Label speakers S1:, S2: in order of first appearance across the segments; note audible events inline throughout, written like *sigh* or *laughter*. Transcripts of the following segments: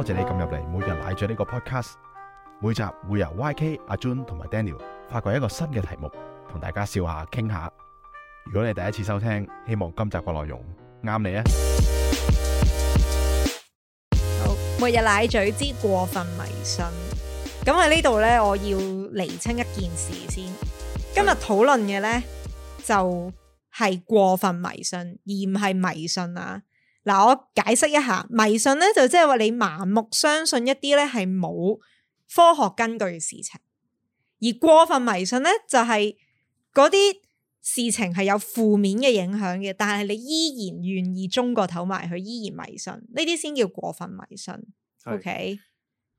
S1: 多謝你咁入嚟，每日奶嘴呢個 podcast，每集會由 YK、阿 Jun 同埋 Daniel 發掘一個新嘅題目，同大家笑下、傾下。如果你第一次收聽，希望今集個內容啱你啊！
S2: 好，每日奶嘴之過分迷信。咁喺呢度咧，我要厘清一件事先。今日討論嘅咧，就係過分迷信，而唔係迷信啊！嗱，我解釋一下迷信咧，就即係話你盲目相信一啲咧，係冇科學根據嘅事情，而過分迷信咧就係嗰啲事情係有負面嘅影響嘅，但係你依然願意中個頭，埋去，依然迷信，呢啲先叫過分迷信。OK，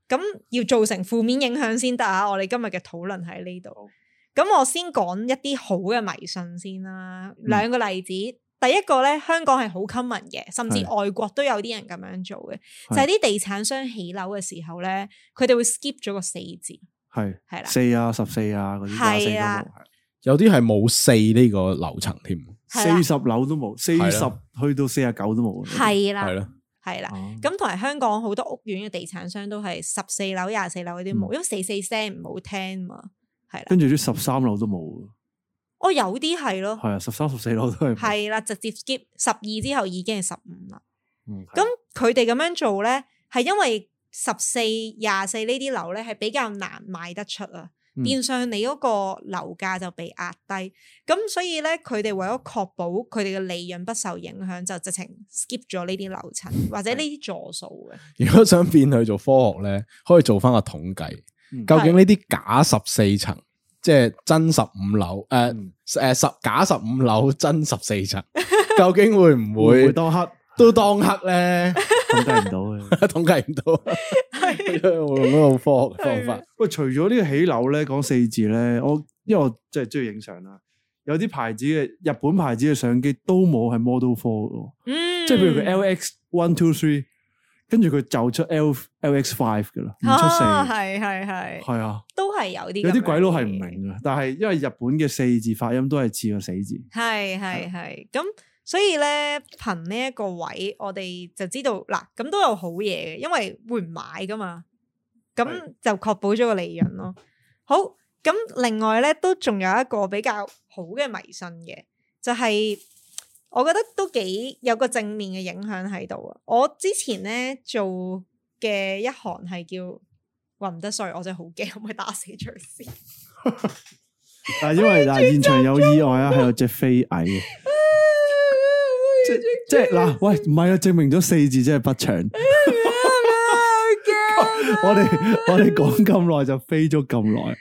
S2: 咁要造成負面影響先得啊！我哋今日嘅討論喺呢度，咁我先講一啲好嘅迷信先啦，兩個例子。嗯第一個咧，香港係好 common 嘅，甚至外國都有啲人咁樣做嘅，就係啲地產商起樓嘅時候咧，佢哋會 skip 咗個四字，
S3: 係係啦，四啊十四啊嗰啲，係啊，
S1: 有啲係冇四呢個樓層添，四十樓都冇，四十去到四啊
S3: 九都冇，係啦，係咯，
S2: 係啦，咁同埋香港好多屋苑嘅地產商都係十四樓、廿四樓嗰啲冇，因為四四聲唔好聽嘛，
S3: 係啦，跟住啲十三樓都冇。
S2: 我、哦、有啲係咯，
S3: 係啊，十三、十四樓都係，係
S2: 啦，直接 skip 十二之後已經係十五啦。咁佢哋咁樣做咧，係因為十四、廿四呢啲樓咧係比較難賣得出啊，變相你嗰個樓價就被壓低。咁、嗯、所以咧，佢哋為咗確保佢哋嘅利潤不受影響，就直情 skip 咗呢啲樓層或者呢啲座數嘅。
S1: 如果想變去做科學咧，可以做翻個統計，究竟呢啲假十四層。即係真十五樓，誒、呃、誒十假十五樓，真十四層，究竟會唔會， *laughs* 會，會當黑都當黑咧？ *laughs* 統計唔到嘅，統計唔
S3: 到，係用咩科學方法？喂，除咗呢個起樓咧，講四字咧，我因為我就係中意影相啦，有啲牌子嘅日本牌子嘅相機都冇係 Model Four 嘅，即係譬如個 LX One Two Three。跟住佢就出 L, L X Five 噶啦，唔出四，係
S2: 係係，係啊，都係有啲，有啲鬼佬係唔明
S3: 嘅。但係因為日本嘅四字發音都係似個死字，
S2: 係係係。咁的所以咧，憑呢一個位，我哋就知道嗱，咁都有好嘢嘅，因為會唔買噶嘛，咁就確保咗個利潤咯。的好，咁另外咧都仲有一個比較好嘅迷信嘅，就係、是。我覺得都幾有個正面嘅影響喺度啊！我之前咧做嘅一行係叫混得，所以我就好驚會打死出
S3: 事。嗱， *laughs* 因為嗱現場有意外啊，係有隻飛蟻嘅。即即嗱、呃，喂，唔係啊！證明咗四字真係不祥。我哋 *laughs* 我哋講咁耐就飛咗咁耐。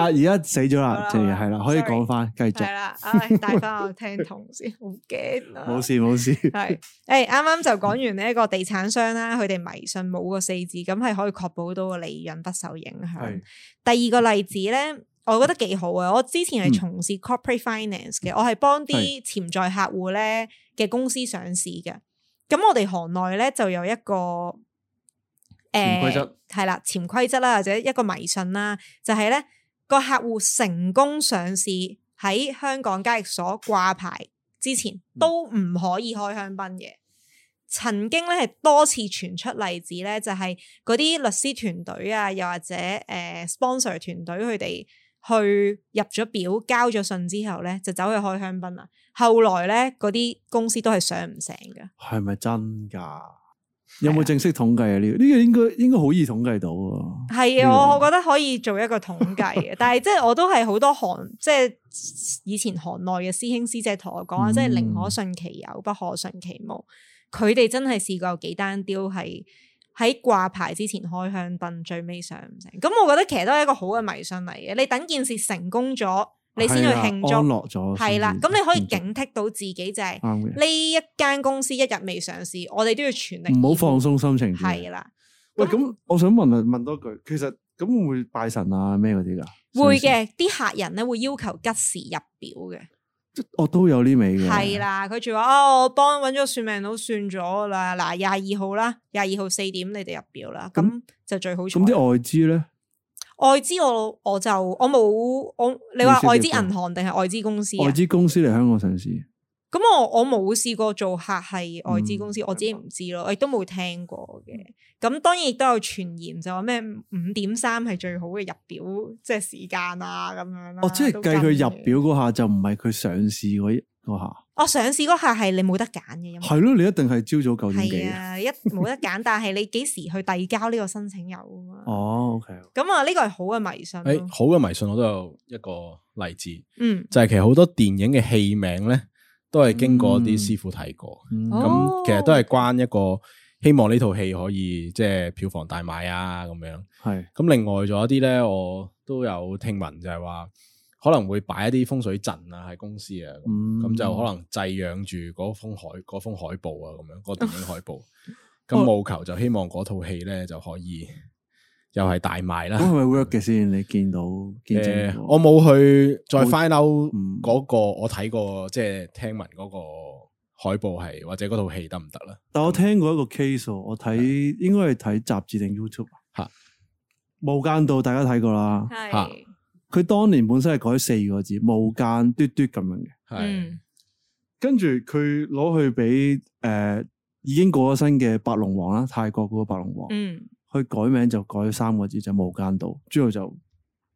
S3: 啊！而家死咗啦，係啦，可以講翻，繼續係啦。唉，帶
S2: 翻我聽筒先，好驚
S3: 啊！冇事冇事。
S2: 係，誒，啱啱就講完呢一個地產商啦，佢哋迷信冇個四字，咁係可以確保到個利潤不受影響。第二個例子咧，我覺得幾好啊！我之前係從事 corporate finance 嘅，我係幫啲潛在客戶咧嘅公司上市嘅。咁我哋行內咧就有一個誒，係啦潛規則啦，或者一個迷信啦，就係咧。個客戶成功上市喺香港交易所掛牌之前，都唔可以開香檳嘅。曾經咧係多次傳出例子咧，就係嗰啲律師團隊啊，又或者誒 sponsor 團隊佢哋去入咗表、交咗信之後咧，就走去開香檳啦。後來咧，嗰啲公司都係上唔成嘅。
S3: 係咪真㗎？有冇正式統計啊？呢、這、呢個應該應該好易統計到啊！
S2: 係啊、這個，我我覺得可以做一個統計嘅， *laughs* 但係即係我都係好多行，即係以前行內嘅師兄師姐同我講啊，嗯、即係寧可信其有，不可信其無。佢哋真係試過有幾單雕係喺掛牌之前開香燈，最尾上唔成。咁我覺得其實都係一個好嘅迷信嚟嘅。你等件事成功咗，你先去慶祝，安落咗。係啦，咁你可以警惕到自己就係呢一間公司一日未上市，我哋都要全力。唔好
S3: 放鬆心情。係啦。喂，咁我想問問問多句，其實咁會唔會拜神啊？咩嗰啲噶？
S2: 會嘅，啲客人咧會要求吉時入表嘅。
S3: 我都有呢味嘅。係
S2: 啦，佢仲話：哦，我幫揾咗算命佬算咗啦。嗱，廿二號啦，廿二號四點，你哋入表啦。咁就最好
S3: 彩。咁啲外資咧？
S2: 外資我我就我冇我，你話外資銀行定係外資公司？外資
S3: 公司嚟香港上市。
S2: 咁我我冇試過做客係外資公司，嗯、我自己唔知咯，我亦都冇聽過嘅。咁當然亦都有傳言就話咩五點三係最好嘅入表，即係時間啊咁樣啊。哦，即係計佢
S3: 入表嗰下就唔係佢上市嗰下。
S2: 我、啊、上市嗰下係你冇得揀
S3: 嘅，因為係咯，你一定係朝早九點幾
S1: 一
S2: 冇得揀， *laughs* 但係你幾時去遞交呢個申請有、
S1: 哦 okay、
S2: 啊？哦，OK。咁啊，呢個係好嘅迷信。誒，
S1: 好嘅迷信，我都有一個例子，嗯，就係其實好多電影嘅戲名咧，都係經過啲師傅睇過，咁、嗯嗯、其實都係關一個希望呢套戲可以即係、就是、票房大賣啊咁樣。係咁是，另外仲有一啲咧，我都有聽聞、聞就係、是、話。可能會擺一啲風水陣啊，喺公司啊，咁就可能祭養住嗰封海嗰封，封海報啊，咁、那、樣個電影海報。咁 *laughs* 務求就希望嗰套戲咧就可以 *laughs* 又係
S3: 大賣啦。係咪、嗯、work 嘅先？你見到？誒、呃，我冇去再
S1: find out 嗰、嗯那個我睇過，即係聽聞嗰個海報係或者嗰
S3: 套戲得唔得咧？但我聽過一個 case，我睇、嗯、應該係睇雜誌定 YouTube 啊。《無間道》大家睇過啦。係。佢當年本身係改四個字，無間嘟嘟咁樣嘅，係、嗯，跟住佢攞去俾誒、呃、已經過咗身嘅白龍王啦，泰國嗰個白龍王，嗯，去改名就改咗三個字就是、無間道，之後就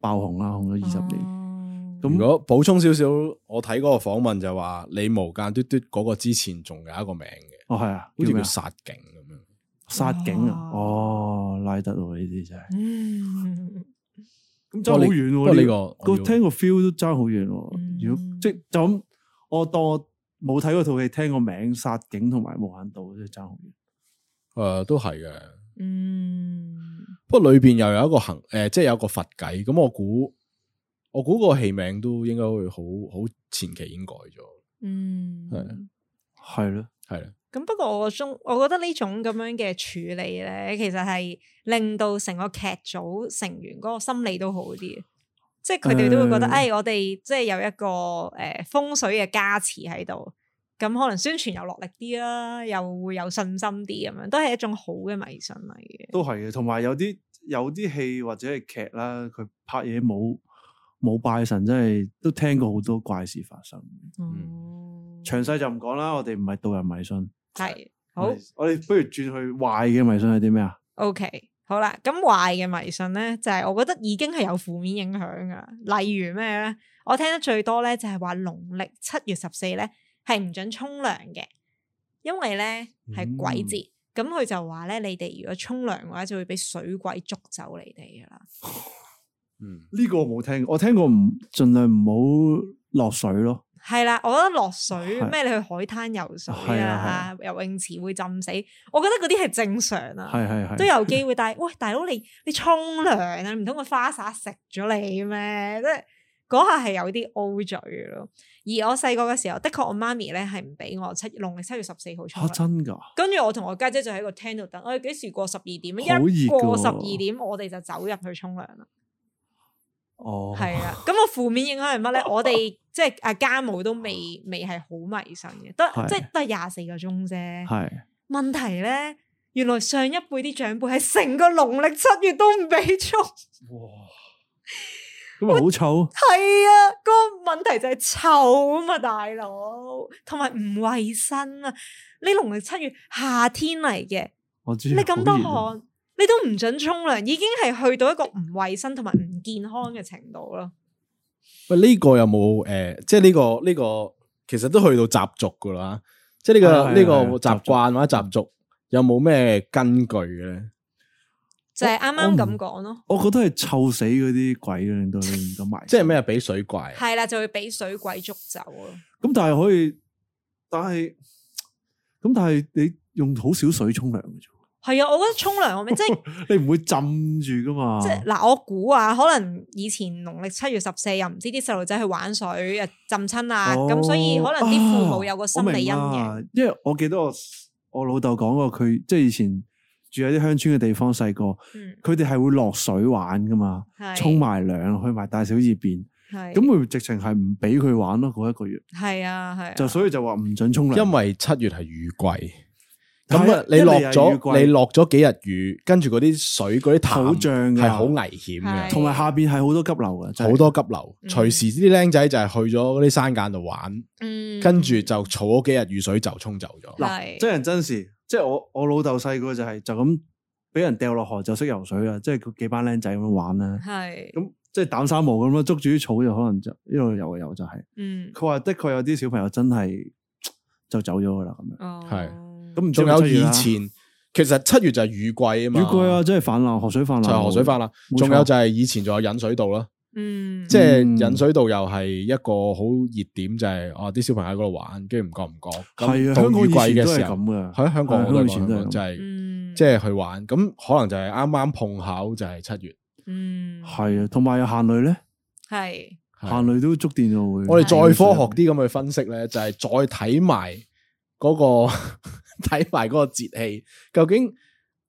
S3: 爆紅啦，紅咗二十年。啊、那如果
S1: 補充少少，我睇嗰個訪問就話，你無間嘟嘟嗰個之前仲有一個名
S3: 嘅，哦係啊，叫做殺警咁樣，殺、啊、警啊，哦拉得喎，呢啲真係。 *laughs* 爭好遠喎，呢個，個聽個 feel 都爭好遠喎。嗯、如果即係就咁，我當我冇睇過套戲，聽個名《殺警》同埋《無間道》都爭好遠。
S1: 誒，都係嘅。嗯，
S3: 不過
S1: 裏邊又有一個行誒、呃，即係有一個佛偈。咁我估，我估個戲名都應該會好好前期已經改咗。嗯，係、嗯。係咯，係咯。
S2: 咁不過我中，我覺得呢種咁樣嘅處理咧，其實係令到成個劇組成員嗰個心理都好啲，即係佢哋都會覺得，誒、呃哎，我哋即係有一個誒、呃、風水嘅加持喺度，咁可能宣傳又落力啲啦，又會有信心啲，咁樣都係一種好嘅迷信嚟
S3: 嘅。都係嘅，同埋有啲有啲戲或者係劇啦，佢拍嘢冇。冇拜神真係都聽過好多怪事發生。哦、嗯，詳細就唔講啦。我哋唔係導人迷信。
S2: 係好，
S3: 我哋不如轉去壞嘅迷信係啲咩啊
S2: ？OK，好啦，咁壞嘅迷信咧，就係、是、我覺得已經係有負面影響噶啦。例如咩咧？我聽得最多咧，就係話農曆七月十四咧係唔准沖涼嘅，因為咧係鬼節。咁佢、嗯、就話咧，你哋如果沖涼嘅話，就會俾水鬼捉走你哋噶啦。
S3: 呢個我冇聽，我聽過唔盡量唔好落水咯。
S2: 係啦，我覺得落水咩是？你去海灘游水啊，是啊是游泳池會浸死。我覺得嗰啲係正常啊，是是是都有機會帶。但係喂，大佬你你沖涼啊？唔通個花灑食咗你咩？即係嗰下係有啲 O 嘴咯。而我細個嘅時候，的確我媽咪咧係唔俾我七農曆七月十四號沖。哦、啊，真噶。跟住我同我家姐，姐就喺個廳度等。我哋幾時過十二點？一過十二點，我哋就走入去沖涼啦。係啊，咁個負面影響係乜咧？ *laughs* 我哋即係阿家務都未未係好迷信嘅，都是即係都廿四個鐘啫。是問題咧，原來上一輩啲長輩係成個農曆七月都唔俾沖。
S3: 哇！咁啊好臭，係啊，
S2: 那個問題就係臭啊嘛，大佬，同埋唔衛生啊！你農曆七月夏天嚟嘅，
S3: 我知你咁多汗。
S2: 你都唔准沖涼，已經係去到一個唔衛生同埋唔健康嘅程度咯。
S1: 喂，呢個有冇誒、呃，即係呢個呢個，其實都去到習俗噶啦，即係呢個呢個習慣或者習俗，有冇咩根據嘅呢？就係啱啱咁
S2: 講咯。
S3: 我覺得係臭死嗰啲鬼，令到你唔敢埋。 *laughs* 即係咩？俾水鬼
S2: 係啦，就會俾水鬼捉走咯。
S3: 咁但係可以，但係，咁但係你用好少水沖涼
S2: 係啊，我覺得沖涼我咪即係
S3: 你唔會浸住噶嘛。即係
S2: 嗱，我估啊，可能以前農曆七月十四又唔知啲細路仔去玩水又浸親啊，咁所以可能啲父母有個心理陰影。
S3: 因為我記得我我老豆講過，佢即係以前住喺啲鄉村嘅地方，細個佢哋係會落水玩噶嘛，沖埋涼去埋大小二便，咁佢直情係唔俾佢玩咯嗰一個月。
S2: 係啊，係啊。
S3: 就所以就話唔準沖涼，因為七月係雨季。
S1: 咁啊！你落咗你落咗幾日雨，跟住嗰啲水，嗰啲潭係好危險嘅，同埋下邊係好多急流噶，好多急流，隨時啲僆仔就係去咗嗰啲山澗度玩，跟住就儲咗幾日雨水就沖走咗。嗱，真
S3: 人真事，即係我我老豆細個就係就咁俾人掉落河就識游水噶，即係佢幾班僆仔咁樣玩啦。係咁，即係膽三毛咁樣，捉住啲草就可能就一路游游就係。嗯，佢話的確有啲小朋友真係就走咗噶啦咁樣，係。咁仲有以前，其實七月就係雨季啊嘛。雨季啊，即係泛濫，河水泛濫。就河水泛濫，仲有就
S1: 係以前仲有引水道啦。嗯，
S3: 即係引
S1: 水道又係一個好熱點，就係啊啲小朋友喺嗰度玩，跟住唔覺唔覺咁。係啊，雨季嘅時候。係咁噶。喺香港，香港以前都就係，即係去玩。咁可能就係啱啱碰巧就係七月。嗯，係啊，同埋有行雷咧。係，行雷都觸電就會。我哋再科學啲咁去分析咧，就係再睇埋嗰個。睇埋嗰個節氣，究竟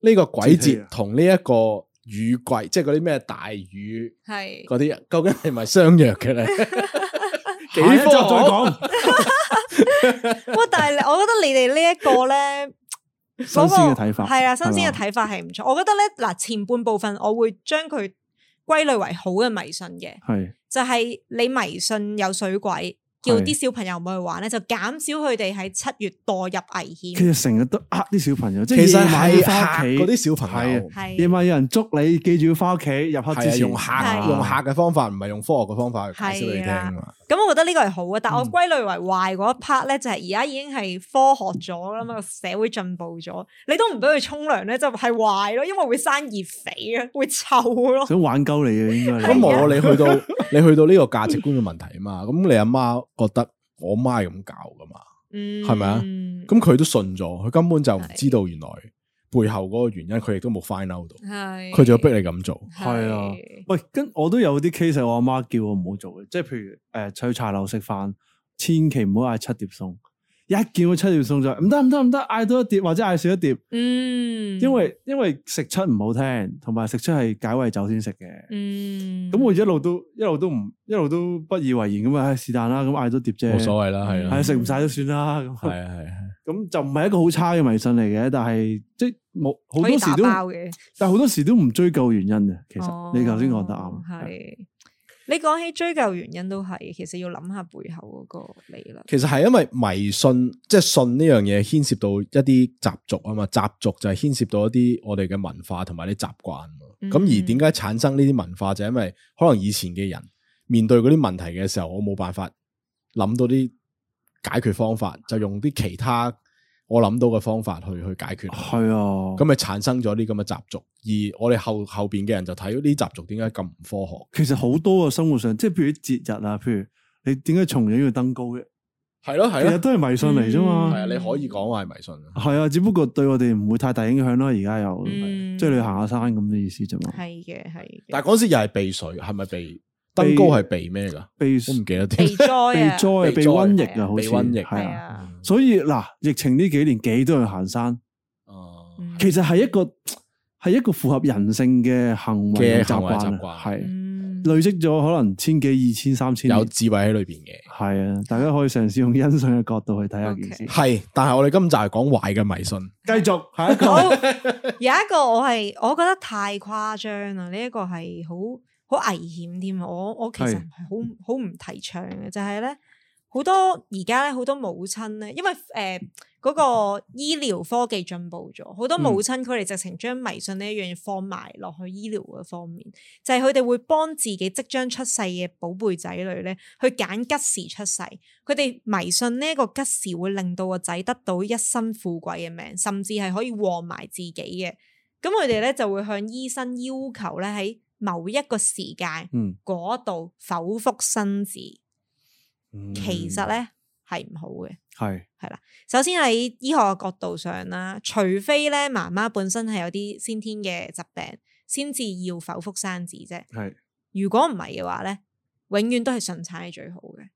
S1: 呢個鬼節同呢一個雨季，即係嗰啲咩大雨，係嗰啲，究竟係咪相約嘅咧？
S3: 幾科 *laughs* 再講，
S2: 哇！ *laughs* *laughs* 但係我覺得你哋呢一個、那個咧，
S3: 新鮮嘅睇法係啊，新鮮嘅睇
S2: 法係唔錯。我覺得咧嗱，前半部分我會將佢歸類為好嘅迷信嘅，係是就係你迷信有水鬼。叫啲小朋友唔去玩咧，就減少佢哋喺七月墮入危險。佢哋
S3: 成日都呃啲小朋友，即係要買翻屋企嗰啲小朋友，係啊，係，夜晚有人捉你，記住要翻屋企入黑之前。用嚇、用嚇嘅方法，唔係的用，用科學嘅方法去解釋你聽。
S2: 咁我覺得呢個係好嘅，但係我歸類為壞嗰一 part 咧，就係而家已經係科學咗啦嘛，社會進步咗，你都唔俾佢沖涼咧，就係、是、壞咯，因為會生熱痱啊，會臭咯。想
S1: 玩鳩你啊，應該咁冇你去到你去到呢個價值觀嘅問題啊嘛，咁你阿媽，媽覺得我媽係咁教噶嘛，係咪啊？咁佢都信咗，佢根本就唔知道原來。背後嗰個原因，佢亦都冇 find out 到，佢仲要逼你咁
S3: 做，係啊。喂，跟我都有啲 case，我阿媽叫我唔 *music* 好做嘅，即係譬如誒，去茶樓食飯，千祈唔好嗌七碟餸，一見到七碟餸就唔得唔得唔得，嗌多一碟或者嗌少一碟。嗯，因為因為食出唔好聽，同埋食出係解穢酒先食嘅。嗯，咁我一路都一路都唔一路都不以為然咁啊，是但啦，咁嗌多碟啫，冇所謂啦，係啦，食唔晒都算啦，係啊，係。咁就唔係一個好差嘅迷信嚟嘅，但係即係冇好多時都，但係好多時都唔追究原因嘅。哦、其實你頭先講得啱，係
S2: 你講起追究原因都係，其實要諗下背後嗰個理論。其實
S1: 係因為迷信，即係信呢樣嘢，牽涉到一啲習俗啊嘛，習俗就係牽涉到一啲我哋嘅文化同埋啲習慣。咁、嗯嗯、而點解產生呢啲文化，就是、因為可能以前嘅人面對嗰啲問題嘅時候，我冇辦法諗到啲。解決方法就用啲其他我諗到嘅方法去去解決，係啊，咁咪產生咗啲咁嘅習俗。而我哋後後邊嘅
S3: 人就睇到啲習俗點解咁唔科學？其實好多啊，生活上即係譬如節日啊，譬如，譬如你點解重陽要登高嘅？係咯係咯，啊、都係迷信嚟啫嘛。係、嗯、啊，你可以
S1: 講話係迷信
S3: 啊。係啊，只不過對我哋唔會太大影響咯。而家又，即係、嗯、你行下山咁嘅意思啫嘛。係嘅係。但係嗰時又係避水，係咪避？登高係避咩㗎？避唔
S1: 災啊！避瘟
S3: 疫啊，好似係啊。所以嗱，疫情呢幾年幾多人行山哦，其實係一個係一個符合人性嘅行為習慣啊，係累積咗可能千幾、二千、三千，有智慧喺裏邊嘅。係啊，大家可以嘗試用欣賞嘅角度去睇一件事。係，但係我哋今集係講壞嘅迷信，繼續下一個。有
S2: 一個我係我覺得太誇張啦，呢一個係好。好危險添，我我其實係好好唔提倡嘅，就係咧好多而家咧好多母親咧，因為誒嗰個醫療科技進步咗，好多母親佢哋直情將迷信呢一樣嘢放埋落去醫療嗰方面，就係佢哋會幫自己即將出世嘅寶貝仔女咧去揀吉時出世，佢哋迷信呢一個吉時會令到個仔得到一生富貴嘅命，甚至係可以旺埋自己嘅，咁佢哋咧就會向醫生要求咧喺某一個時間，嗯，嗰度剖腹生子，
S3: 其實
S2: 咧係唔好嘅，
S3: 係係
S2: 啦。首先喺醫學嘅角度上啦，除非咧媽媽本身係有啲先天嘅疾病，先至要剖腹生子啫。係是如果唔係嘅話咧，永遠都係順產係最好嘅。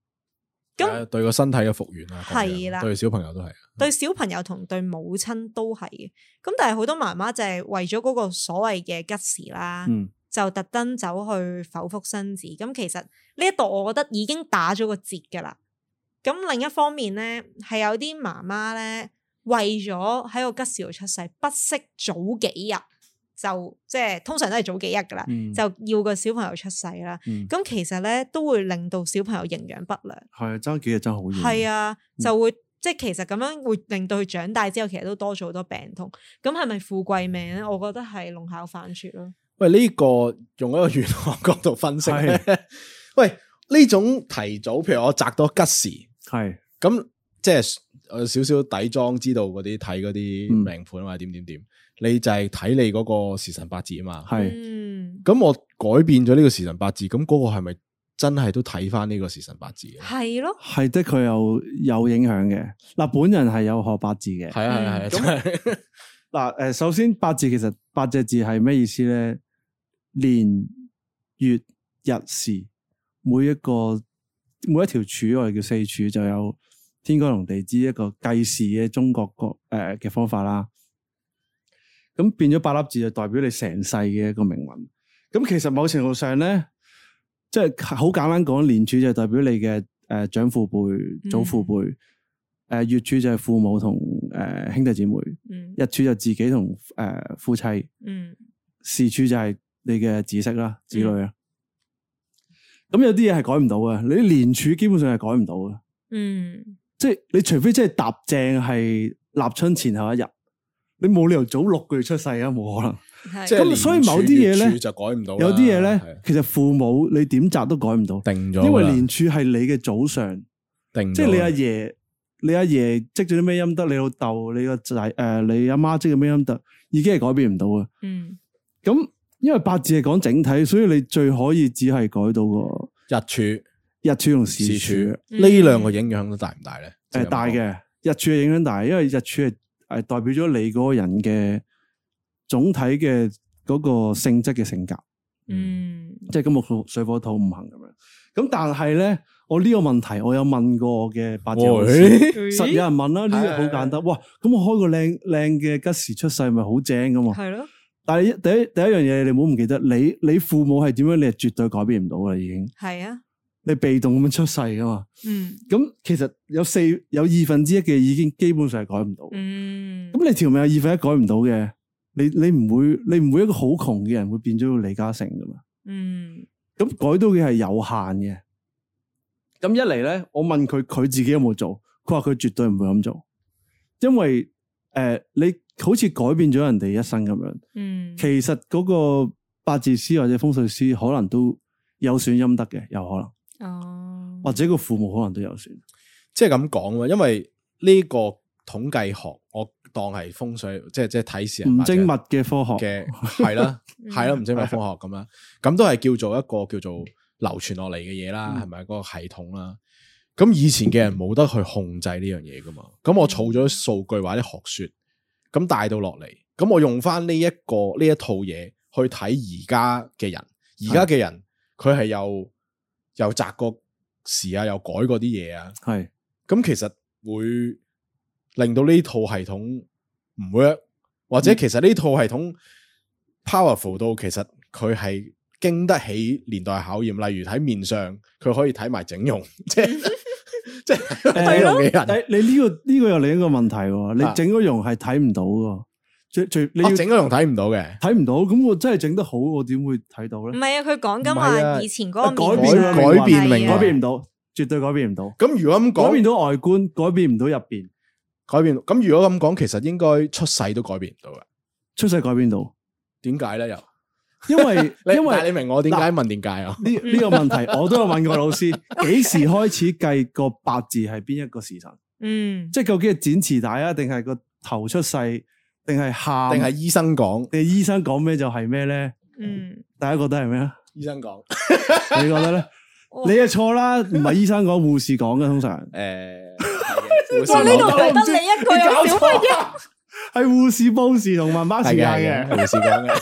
S1: 咁、嗯、那對個身體嘅復原啊，係啦的，對小朋友都係，
S2: 對小朋友同對母親都係嘅。咁、嗯、但係好多媽媽就係為咗嗰個所謂嘅吉時啦。嗯就特登走去剖腹生子，咁其實呢一度我覺得已經打咗個折嘅啦。咁另一方面咧，係有啲媽媽咧，為咗喺個吉時出世，不惜早幾日，就即係通常都係早幾日噶啦，就要個小朋友出世啦。咁、嗯、其實咧都會令到小朋友營養不
S3: 良。係爭幾日真係好遠。係啊，
S2: 就會即係、嗯、其實咁樣會令到佢長大之後其實都多咗好多病痛。咁係咪富貴命咧？我覺得係弄巧反拙咯。
S3: 喂，呢、這
S1: 個用一個玄學角度分析咧。是喂，呢種提早，譬如我摘到吉時，係咁是即係誒少少底妝，知道嗰啲睇嗰啲命盤或者點點點，你就係睇你嗰個時辰八字啊嘛。係是，咁我改變咗呢個時辰八字，咁嗰個係咪真係都睇翻呢個時辰八字？
S2: 係咯，
S3: 係的，佢有有影響嘅。嗱，本人係有學八字嘅，係啊係啊。咁嗱的，誒的， *laughs* 首先八字其實八隻字係咩意思咧？年月日時，每一個每一條柱我哋叫四柱，就有天干同地支一個計時嘅中國國誒嘅方法啦。咁變咗八粒字就代表你成世嘅一個命運。咁其實某程度上咧，即係好簡單講，年柱就代表你嘅誒、呃、長父輩、祖父輩；誒、嗯呃、月柱就係父母同誒、呃、兄弟姊妹；嗯、日柱就自己同誒、呃、夫妻；嗯時柱就係、是。你嘅知識啦，子女啊，咁、嗯、有啲嘢係改唔到嘅，你啲年柱基本上係改唔到嘅。嗯，即係、就是、你除非即係踏正係立春前後一日，你冇理由早六個月出世啊，冇可能。係、嗯，咁那所以某啲嘢咧就
S1: 改唔到。有啲嘢咧，
S3: 的其實父母你點擇都改唔到，定咗了。因為年柱係你嘅祖上，定了，即係你阿爺，你阿爺積咗啲咩陰德，你老豆，你個仔，誒，你阿媽積咗咩陰德，已經係改變唔到嘅。嗯，咁、嗯。因為八字係講整體，所以你最可以只係改到個日柱、日柱同時柱呢兩個影響都大唔大咧？誒，大嘅日柱嘅影響大，因為日柱係誒代表咗你嗰個人嘅總體嘅嗰個性質嘅性格。嗯，即，即係今日水火土唔行咁樣。咁但係咧，我呢個問題我有問過我嘅八字老師實喂 *laughs* 有人問啦，呢個好簡單。哇，咁我開個靚靚嘅吉時出世，咪好正㗎嘛？係咯。但係第一第一樣嘢，你唔好唔記得，你你父母係點樣，你係絕對改變唔到噶啦已經係啊，你被動咁樣出世噶嘛。嗯，咁其實有四有二分之一嘅已經基本上係改唔到。嗯，咁你條命有二分之一改唔到嘅，你你唔會你唔會一個好窮嘅人會變咗個李嘉誠噶嘛？嗯，咁改到嘅係有限嘅。咁一嚟，咧，我問佢佢自己有冇做，佢話佢絕對唔會咁做，因為。誒，你好似改變咗人哋一生咁樣，嗯、其實嗰個八字師或者風水師可能都有損陰德嘅，有可能，哦、或者個父母可能都有損，即係咁講啊。因為呢個統計學，我
S1: 當係風水，即係即係睇事，唔精密嘅科學嘅，係啦， *laughs* 係啦，唔精密科學咁樣，咁都係叫做一個叫做流傳落嚟嘅嘢啦，係咪、個系統啦？咁以前嘅人冇得去控制呢樣嘢㗎嘛，咁我儲咗數據或者學說，咁帶到落嚟，咁我用返呢一個呢一套嘢去睇而家嘅人，而家嘅人佢係又又摘過時啊，又改過啲嘢啊，係咁是的 其實會令到呢套系統唔 work，< 是的 S 1> 或者其實呢套系統 powerful 到其實佢係經得起年代考驗，例如睇面相佢可以睇埋整容，即 *laughs*
S3: 係睇你呢個呢個又另一個問題喎。你整嗰容係睇唔到噶，最最你要整嗰容睇唔到嘅，睇唔到。咁我真係整得好，我點會睇到咧？唔
S2: 係啊，佢講緊話以前嗰個改
S3: 變，改變明改變唔到，絕對改變唔到。咁如果咁改變到外觀，改變唔到入邊，改變咁如果咁講，其實應
S1: 該出世都改變唔到噶。出世改變到，點解咧又？因為
S3: 因為你明我點解問點解啊？呢呢個問題我都有問過老師，幾時開始計個八字係邊一個時辰？嗯，即係究竟係剪臍帶啊，定係個頭出世，定係喊？定係醫生講？定係醫生講咩就係咩咧？嗯，大家覺得係咩啊？醫生講，你覺得咧？你嘅錯啦，唔係醫生講，護士講嘅通常。誒，我呢度得你一句又係護士 boss 同媽媽時間嘅，護士講嘅。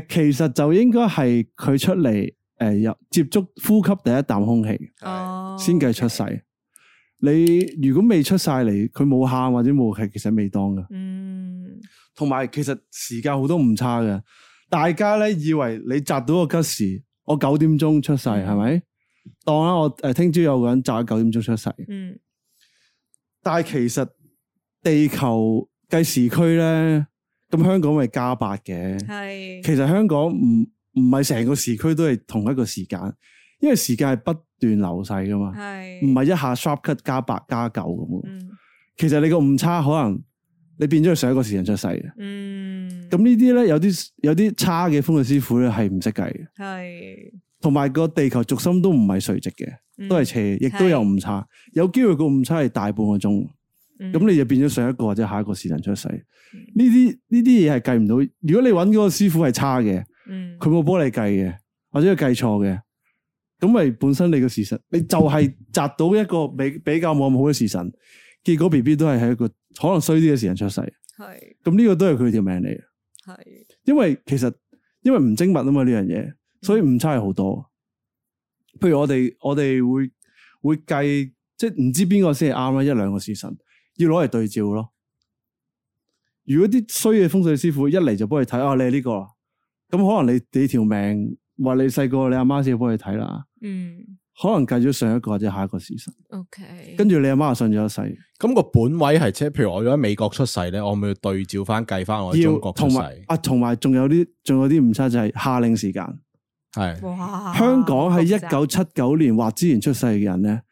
S3: 誒，其實就應該係佢出嚟，誒、呃，入接觸呼吸第一啖空氣，oh, okay. 先計出世。你如果未出晒嚟，佢冇喊或者冇，係其實未當嘅。嗯。同埋，其實時間好多唔差嘅。大家咧以為你扎到個吉時，我九點鐘出世，係咪、mm.？當啊，我誒聽朝有個人扎喺九點鐘出世。嗯。Mm. 但係其實地球計時區咧，咁香港咪加八嘅？係是，其實香港唔唔係成個時區都係同一個時間，因為時間係不斷流逝噶嘛。係是，唔係一下 sharp cut 加八加九咁。嗯，其實你個誤差可能你變咗係上一個時間出世嘅。嗯，咁呢啲咧有啲有啲差嘅風水師傅咧係唔識計嘅。係。同埋個地球軸心都唔係垂直嘅，都係斜，亦都有誤差。有機會個誤差係大半個鐘，咁你就變咗上一個或者下一個時辰出世。呢啲呢啲嘢係計唔到。如果你揾嗰個師傅係差嘅，佢冇幫你計嘅，或者佢計錯嘅，咁咪本身你個時辰，你就係摘到一個比比較冇咁好嘅時辰，結果 B B 都係喺一個可能衰啲嘅時辰出世。係，咁呢個都係佢條命嚟嘅。係，因為其實因為唔精密啊嘛呢樣嘢。所以誤差係好多，譬如我哋我哋會會計，即係唔知邊個先係啱啦，一兩個時辰要攞嚟對照咯。如果啲衰嘅風水師傅一嚟就幫你睇啊，你係呢個，咁可能你你條命話你細個你阿媽先去幫你睇啦。嗯，可能計咗上一個或者下一個時辰。O Okay . K，跟住你阿媽就信咗一世，
S1: 咁個本位係即係譬如我如果喺美國出世咧，我咪要對照翻計翻我喺中國出世。
S3: 啊，同埋仲有啲仲有啲誤差就係、是、下令時間。係，是哇香港喺一九七九年或之前出世嘅人咧，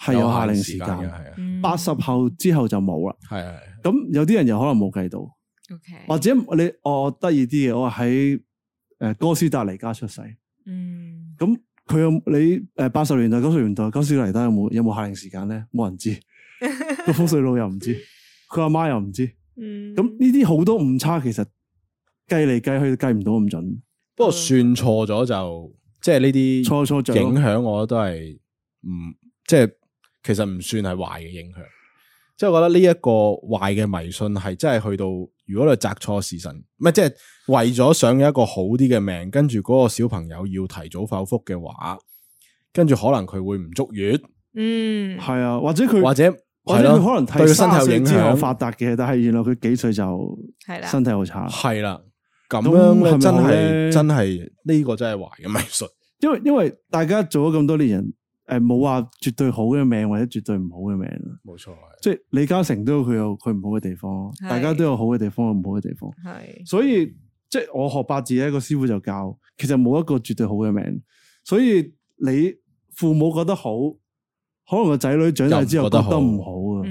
S3: 係有夏令時間嘅，係啊。八十後之後就冇啦。係係、嗯。咁有啲人又可能冇計到，Okay 或者你我得意啲嘅，我喺誒哥斯達黎加出世。嗯。咁佢有你誒八十年代、九十年代、哥斯達黎加有冇有冇夏令時間咧？冇人知， *laughs* 個風水佬又唔知，佢阿媽又唔知。嗯。咁呢啲好多誤差，其實計嚟計去計唔到咁準。嗯，錯就是，不過，就是、算錯咗就即係呢啲錯
S1: 錯影響，我覺得都係唔即係其實唔算係壞嘅影響。即係我覺得呢一個壞嘅迷信係真係去到，如果你摘錯時辰，唔係即係為咗想有一個好啲嘅命，跟住嗰個小朋友要提早剖腹嘅話，
S3: 跟住可能佢會唔足月。嗯，係啊，或者佢或者係咯，的可能對身體有影響，好發達嘅，但係原來佢幾歲就係啦，身體好差，係啦的。咁樣真係真係呢個真係壞嘅迷信，因為因為大家做咗咁多年人，誒冇話絕對好嘅命或者絕對唔好嘅命，冇錯，即係李嘉誠都有佢有佢唔好嘅地方，的大家都有好嘅地，地方，有唔好嘅地方，係，所以即係、就是、我學八字咧，一個師傅就教，其實冇一個絕對好嘅命，所以你父母覺得好，可能個仔女長大之後覺得唔好啊。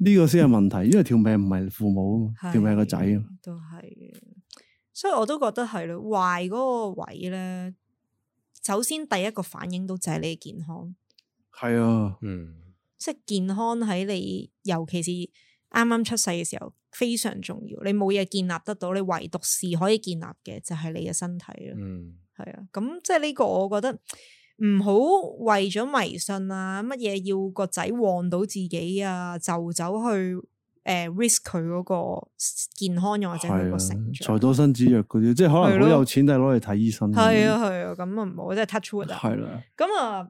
S3: 呢個先係問題，因為條命唔係父母啊嘛，是條命係個仔
S2: 啊。都係，所以我都覺得係咯，壞嗰個位咧，首先第一個反應都就係你嘅健康。
S3: 係啊，嗯。即
S2: 係健康喺你，尤其是啱啱出世嘅時候，非常重要。你冇嘢建立得到，你唯獨是可以建立嘅，就係、是、你嘅身體咯。嗯，係啊。咁即係呢個，我覺得。唔好為咗迷信啊，乜嘢要個仔旺到自己啊，就走去誒、呃、risk 佢嗰個健康又、啊、或者佢個成長、啊。財、啊、
S3: 多身子弱嗰啲，即係可能好有錢，啊、但係攞嚟睇醫生。係啊係
S2: 啊，咁啊唔、啊、好，即、就、係、是、touch wood 啊。係啦，咁啊。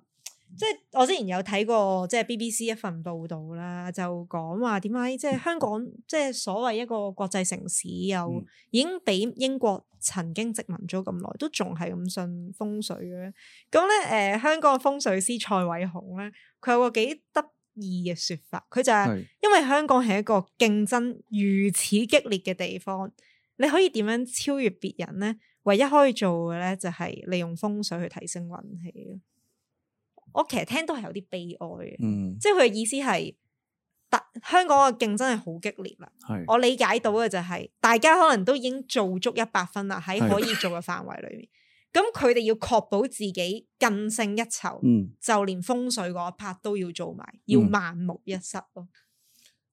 S2: 即係我之前有睇過即係 BBC 一份報道啦，就講話點解即係香港即係所謂一個國際城市，又已經畀英國曾經殖民咗咁耐，都仲係咁信風水嘅。咁咧，誒、呃，香港嘅風水師蔡偉雄咧，佢有個幾得意嘅說法，佢就係因為香港係一個競爭如此激烈嘅地方，你可以點樣超越別人咧？唯一可以做嘅咧，就係利用風水去提升運氣。我其實聽到係有啲悲哀嘅，嗯、即係佢嘅意思係，特香港嘅競爭係好激烈啦。是我理解到嘅就係、是，大家可能都已經做足一百分啦，喺可以做嘅範圍裏面，咁佢哋要確保自己更勝一籌，嗯、就連風水嗰一 part 都要做埋，要萬無一失咯、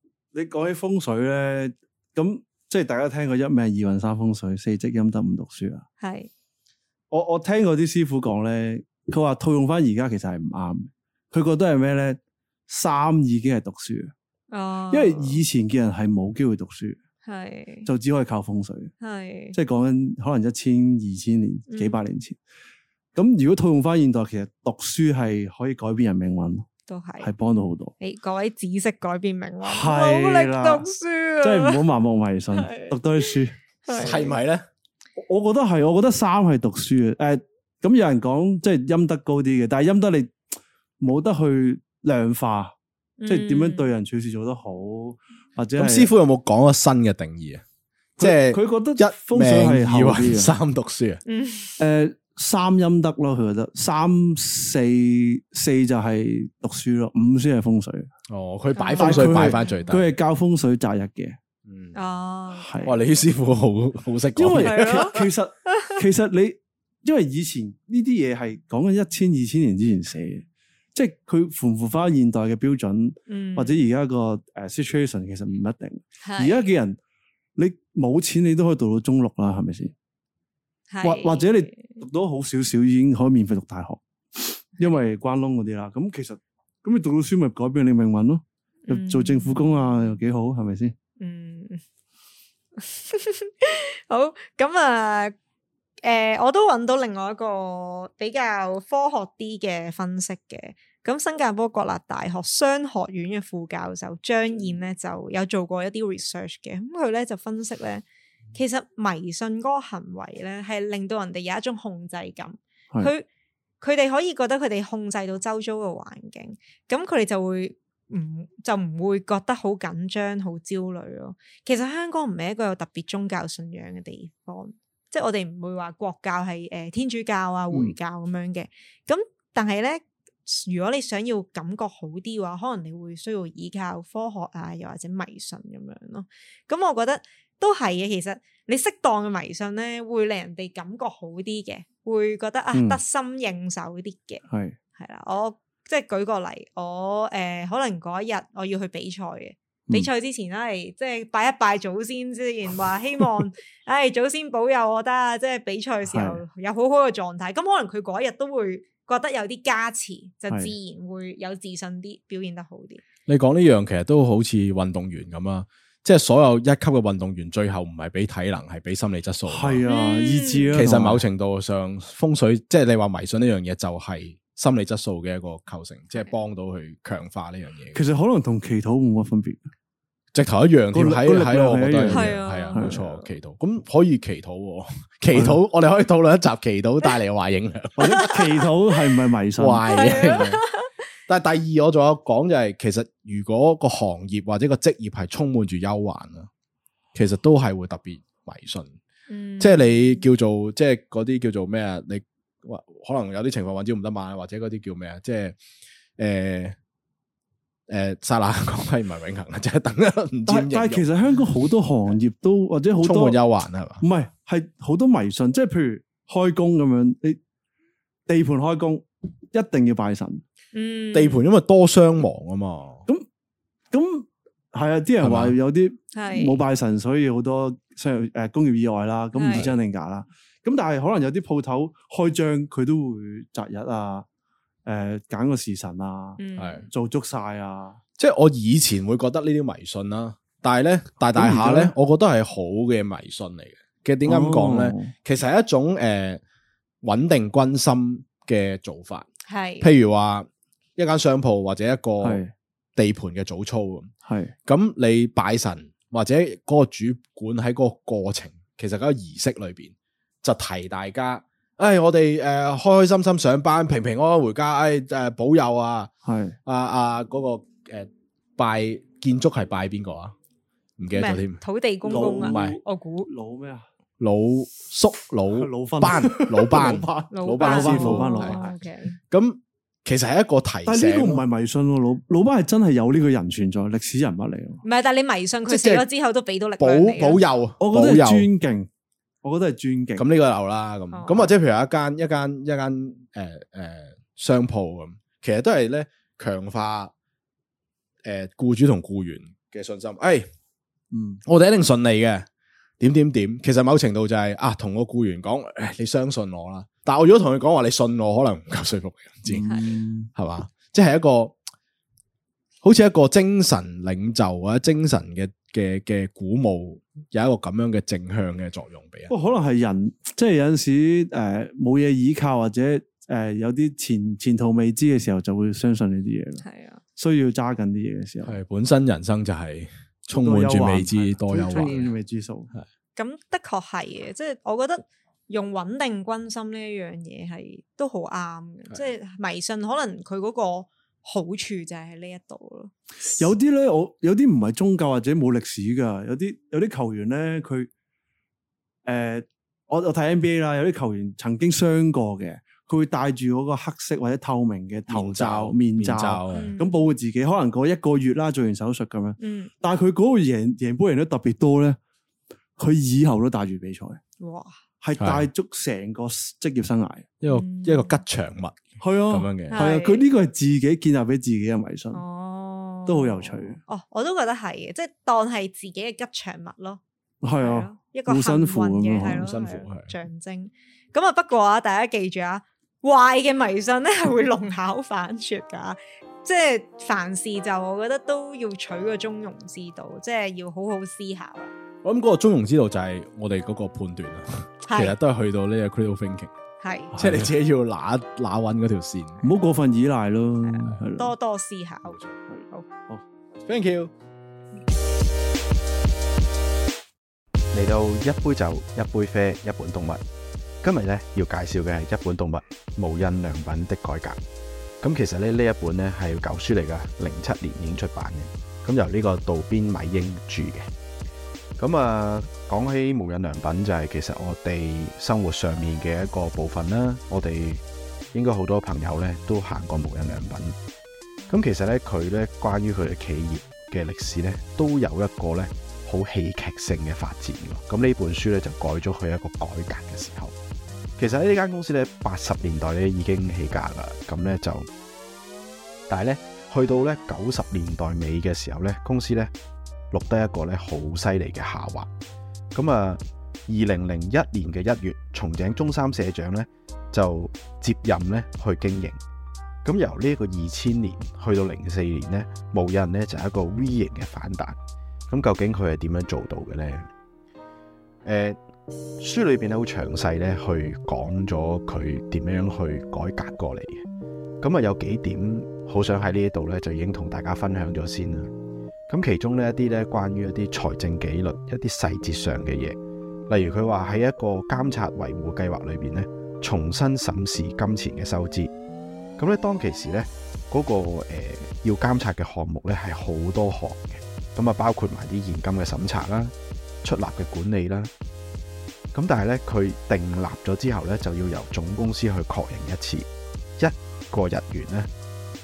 S2: 嗯。
S3: 你講起風水咧，咁即係大家聽過一命二運三風水，四積陰德五讀書啊？
S2: 係是。
S3: 我我聽過啲師傅講咧。佢話套用翻而家其實係唔啱，佢覺得係咩咧？三已經係讀書啊，
S2: 因為
S3: 以前嘅人係冇機會讀書，
S2: 係就
S3: 只可以靠風水，係即係講緊可能一千二千年幾百年前。咁如果套用翻現代，其實讀書係可以改變人命運，都
S2: 係係幫到好多。各位，知識改變命運，努力讀書，即係唔好
S3: 盲目迷信讀多啲書，
S2: 係咪
S3: 咧？我覺得係，我覺得三係讀書嘅誒。咁有人講即係陰德高啲嘅，但係陰德你冇得去量化，即係點樣對人處事做得好，或者咁師傅
S1: 有冇講過新嘅定義
S3: 啊？即係佢覺得一命二運三讀書啊，誒三陰德咯，佢覺得三四四就係讀書咯，五先係風水。哦，佢擺風水擺翻最大，佢係教風水擇日嘅。嗯，啊，哇，李師傅好好識講，因為其實其實你。因為以前呢啲嘢係講緊一千二千年之前寫嘅，即係佢符唔符翻現代嘅標準，嗯、或者而家個誒 situation 其實唔一定。而家嘅人，你冇錢你都可以讀到中六啦，係咪先？是或或者你讀到好少少已經可以免費讀大學，因為關窿嗰啲啦。咁其實咁你讀到書咪改變你命運咯？嗯、做政府工啊又幾好，係咪先？
S2: 嗯， *laughs* 好咁啊。誒、呃，我都揾到另外一個比較科學啲嘅分析嘅。咁新加坡國立大學商學院嘅副教授張燕咧，就有做過一啲 research 嘅。咁佢咧就分析咧，其實迷信嗰個行為咧，係令到人哋有一種控制感。佢佢哋可以覺得佢哋控制到周遭嘅環境，咁佢哋就會唔就唔會覺得好緊張、好焦慮咯。其實香港唔係一個有特別宗教信仰嘅地方。即係我哋唔會話國教係誒、呃、天主教啊、回教咁樣嘅，咁、嗯、但係咧，如果你想要感覺好啲嘅話，可能你會需要依靠科學啊，又或者迷信咁樣咯。咁、嗯、我覺得都係嘅，其實你適當嘅迷信咧，會令人哋感覺好啲嘅，會覺得啊、嗯、得心應手啲嘅。係係啦，我即係舉個例，我誒、呃、可能嗰一日我要去比賽嘅。嗯、比賽之前，唉，即係拜一拜祖先，之前話希望，唉、 *laughs* 哎，祖先保佑我得，即、就、係、是、比賽嘅時候有好好嘅狀態。咁是的 可能佢嗰日都會覺得有啲加持，就自然會有自信啲，是的 表現得好啲。
S1: 你講呢樣，其實都好似運動員咁啊！即、就、係、是、所有一級嘅運動員，最後唔係比體能，係比心理質素。係啊，意志、嗯、其實某程度上，風水即係、就是、你話迷信呢樣嘢，就係、是。心理質素嘅一個構成，即係幫到去強化呢樣嘢。
S3: 其實可能同祈禱冇乜分別，直頭一樣添。喺喺我覺得係啊，冇錯
S1: 祈禱。咁可以祈禱，祈禱我哋可以討論一集祈禱帶嚟嘅壞影響。或者祈
S3: 禱係唔係迷信壞嘅？
S1: 但係第二我仲有講就係，其實如果個行業或者個職業係充滿住憂患啊，其實都係會特別迷信。即係你叫做即係嗰啲叫做咩啊？你可能有啲情況揾招唔得嘛，或者嗰啲叫咩啊？即係誒誒，沙拿講係唔係永恒啊？即係等一唔知但係，但其實
S3: 香港好多行業都或者好多充滿憂患係嘛？唔係，係好多迷信，即係譬如開工咁樣，你地盤開工一定要拜神，嗯，地盤因為多傷亡啊嘛，咁咁係啊？啲人話有啲係冇拜神，嗎所以好多商誒工業意外啦，咁唔知真定假啦。咁但係可能有啲鋪頭開張佢都會擇日啊，誒、呃、揀個時辰啊，係、嗯、做足晒啊。即係我
S1: 以前會覺得呢啲迷信啦、啊，但係咧大大下咧，呢我覺得係好嘅迷信嚟嘅。其實點解咁講咧？其實係、哦、一種誒穩、呃、定軍心嘅做法。係是，譬如話一間商鋪或者一個地盤嘅早操啊。係，咁你拜神或者嗰個主管喺個過程，其實嗰個儀式裏邊。就提大家，誒，我哋誒開開心心上班，平平安安回家，誒，誒，保佑啊，係，阿阿嗰個誒拜建築係拜邊個啊？唔記得咗添，土
S2: 地公公啊？唔係，我估老
S3: 咩啊？老叔老魯班、魯班、魯班、魯班、魯班、魯班，OK。咁其實係一個提醒，呢個唔係迷信喎，魯魯班係真係有呢個人存在，歷史人物嚟。
S2: 唔係，但係你迷信佢死咗之後都俾到力，保保
S3: 佑，我覺得係
S1: 尊敬。我覺得係尊敬，咁呢個樓啦，咁咁、oh. 或者譬如一間一間一間誒誒、呃呃、商鋪咁，其實都係咧強化誒、呃、僱主同僱員嘅信心。誒、哎，
S3: 嗯，
S1: 我哋一定順利嘅點點點。其實某程度就係、是、啊，同個僱員講，誒，你相信我啦。但係我如果同佢講話，你信我，可能唔夠說服人。嗯，係、嗯，係嘛？即、就、係、是、一個。好似一個精神領袖或者精神嘅嘅嘅鼓舞，有一個咁樣嘅正向嘅作用俾
S3: 人。不過，可能係人，即係有陣時誒冇嘢依靠或者誒有啲前前途未知嘅時候，就會相信呢啲嘢咯。係啊，需要揸緊啲嘢嘅時候。係本身人生就係充滿住未知，多憂慮嘅未知數。係咁，
S2: 的確係嘅，即係我覺得用穩定軍心呢一樣嘢係都好啱嘅。即係迷信，可能佢嗰個。好處就係喺呢一度咯。
S3: 有啲咧，我有啲唔係宗教或者冇歷史噶。有啲有啲球員咧，佢誒、呃，我我睇 NBA 啦，有啲球員曾經傷過嘅，佢會戴住嗰個黑色或者透明嘅頭罩、面罩，咁保護自己。可能嗰一個月啦，做完手術咁樣。嗯。但係佢嗰個贏贏波贏得特別多咧，佢以後都戴住比賽。哇！係帶足成個職業生涯，嗯、一個一個吉祥物，係啊咁樣嘅，係啊佢呢個係自己建立俾自己嘅迷信，哦，都好有趣。
S2: 哦，我都覺得係嘅，即係當係自己嘅吉祥物咯。
S3: 係啊，啊一個幸運嘅係咯，
S2: 象徵。咁啊，不過啊，大家記住啊，壞嘅迷信咧係會弄巧反拙噶，即係 *laughs* 凡事就我覺得都要取個中庸之道，即、就、係、是、要好好思考啊。
S1: 我諗嗰個中庸之道就係我哋嗰個判斷啦， *laughs* 其實都係去到呢個 critical thinking，
S2: 係即係你自己
S1: 要揦揦搵嗰條線，唔好、啊、過分依賴咯，啊啊、多
S2: 多思考。好
S1: ，thank you。嚟到一杯酒，一杯啡，一本動物。今日咧要介紹嘅係一本動物《無印良品》的改革。咁其實咧呢一本咧係舊書嚟噶，零七年已經出版嘅，咁由呢個渡邊米英住嘅。咁啊，講起無印良品就係、是、其實我哋生活上面嘅一個部分啦。我哋應該好多朋友咧都行過無印良品。咁其實咧佢咧關於佢嘅企業嘅歷史咧，都有一個咧好戲劇性嘅發展。咁呢本書咧就改咗佢一個改革嘅時候。其實呢間公司咧，八十年代咧已經起價啦。咁咧就，但係咧去到咧九十年代尾嘅時候咧，公司咧，錄得一個咧好犀利嘅下滑，咁啊，二零零一年嘅一月，松井中三社長咧就接任咧去經營，咁由呢一個二千年去到零四年咧，無印咧就係一個 V 型嘅反彈，咁究竟佢係點樣做到嘅呢？誒，書裏邊咧好詳細咧去講咗佢點樣去改革過嚟嘅，咁啊有幾點好想喺呢一度咧就已經同大家分享咗先啦。咁其中呢一啲咧，關於一啲財政紀律一啲細節上嘅嘢，例如佢話喺一個監察維護計劃裏邊咧，重新審視金錢嘅收支。咁咧當其時呢、那個，嗰個誒要監察嘅項目呢，係好多項嘅，咁啊包括埋啲現金嘅審查啦、出納嘅管理啦。咁但係呢，佢訂立咗之後呢，就要由總公司去確認一次，一個日元呢，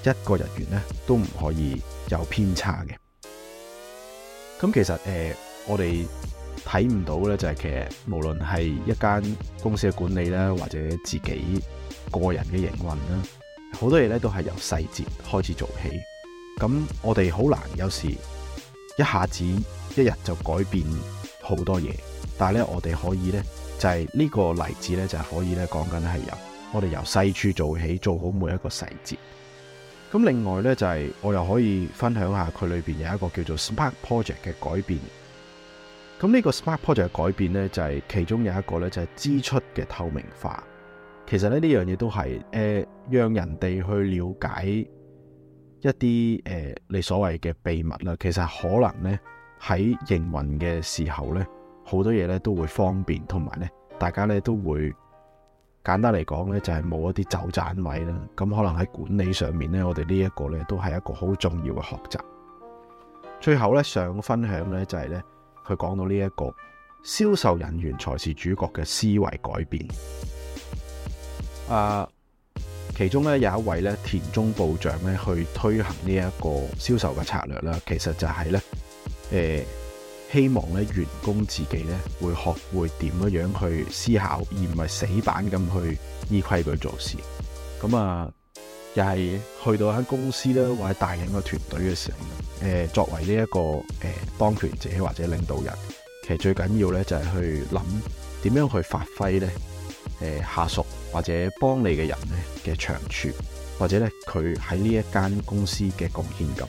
S1: 一個日元呢，都唔可以有偏差嘅。咁其實誒、呃，我哋睇唔到咧，就係其實無論係一間公司嘅管理咧，或者自己個人嘅營運啦，好多嘢咧都係由細節開始做起。咁我哋好難有時一下子一日就改變好多嘢，但係咧我哋可以咧，就係、是、呢個例子咧，就係可以咧講緊係由我哋由細處做起，做好每一個細節。咁另外咧就係、是、我又可以分享下佢裏邊有一個叫做 Spark Project 嘅改變。咁呢個 Spark Project 嘅改變咧就係、是、其中有一個咧就係、是、支出嘅透明化。其實咧呢樣嘢都係誒、呃、讓人哋去了解一啲誒、呃、你所謂嘅秘密啦。其實可能咧喺營運嘅時候咧好多嘢咧都會方便，同埋咧大家咧都會。簡單嚟講呢就係、是、冇一啲走盞位啦，咁可能喺管理上面呢我哋呢一個呢都係一個好重要嘅學習。最後呢，想分享呢就係、是、呢，佢講到呢一個銷售人員才是主角嘅思維改變。啊，其中呢，有一位呢田中部長呢去推行呢一個銷售嘅策略啦，其實就係呢。誒、欸。希望咧，員工自己咧會學會點樣樣去思考，而唔係死板咁去依規矩做事。咁啊，又係去到一間公司啦，或者大型嘅團隊嘅時候，誒作為呢一個誒當權者或者領導人，其實最緊要咧就係去諗點樣去發揮咧誒下屬或者幫你嘅人咧嘅長處，或者咧佢喺呢一間公司嘅貢獻感。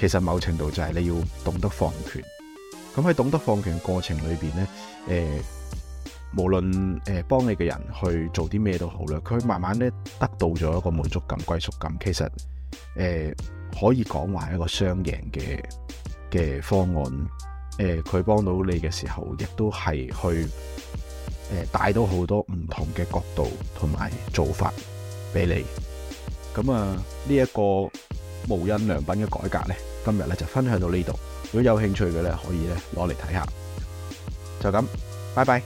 S1: 其實某程度就係你要懂得放權。咁喺懂得放權過程裏邊咧，誒、呃，無論誒、呃、幫你嘅人去做啲咩都好啦，佢慢慢咧得到咗一個滿足感、歸屬感。其實誒、呃、可以講話一個雙贏嘅嘅方案。誒、呃，佢幫到你嘅時候，亦都係去誒、呃、帶到好多唔同嘅角度同埋做法俾你。咁啊，呢、這、一個無印良品嘅改革咧，今日咧就分享到呢度。如果有興趣嘅可以咧攞嚟睇下，就咁，拜拜。